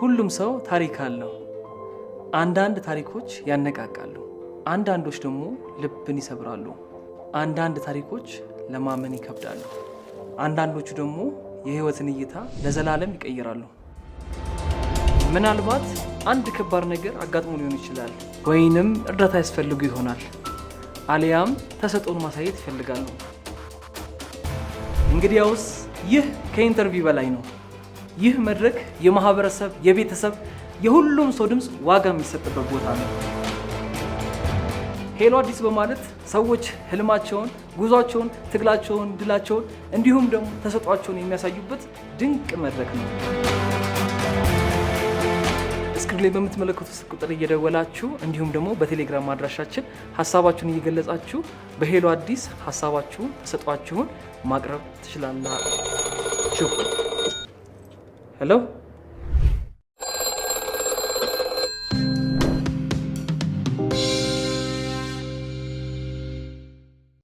ሁሉም ሰው ታሪክ አለው። አንዳንድ ታሪኮች ያነቃቃሉ፣ አንዳንዶች ደግሞ ልብን ይሰብራሉ። አንዳንድ ታሪኮች ለማመን ይከብዳሉ፣ አንዳንዶቹ ደግሞ የህይወትን እይታ ለዘላለም ይቀይራሉ። ምናልባት አንድ ከባድ ነገር አጋጥሞ ሊሆን ይችላል፣ ወይንም እርዳታ ያስፈልጉ ይሆናል፣ አሊያም ተሰጥኦን ማሳየት ይፈልጋሉ። እንግዲያውስ ይህ ከኢንተርቪው በላይ ነው። ይህ መድረክ የማህበረሰብ፣ የቤተሰብ፣ የሁሉም ሰው ድምፅ ዋጋ የሚሰጥበት ቦታ ነው። ሄሎ አዲስ በማለት ሰዎች ህልማቸውን፣ ጉዟቸውን፣ ትግላቸውን፣ ድላቸውን እንዲሁም ደግሞ ተሰጧቸውን የሚያሳዩበት ድንቅ መድረክ ነው። ስክሪን ላይ በምትመለከቱ ቁጥር እየደወላችሁ እንዲሁም ደግሞ በቴሌግራም አድራሻችን ሀሳባችሁን እየገለጻችሁ በሄሎ አዲስ ሀሳባችሁን ተሰጧችሁን ማቅረብ ትችላላችሁ። Hello?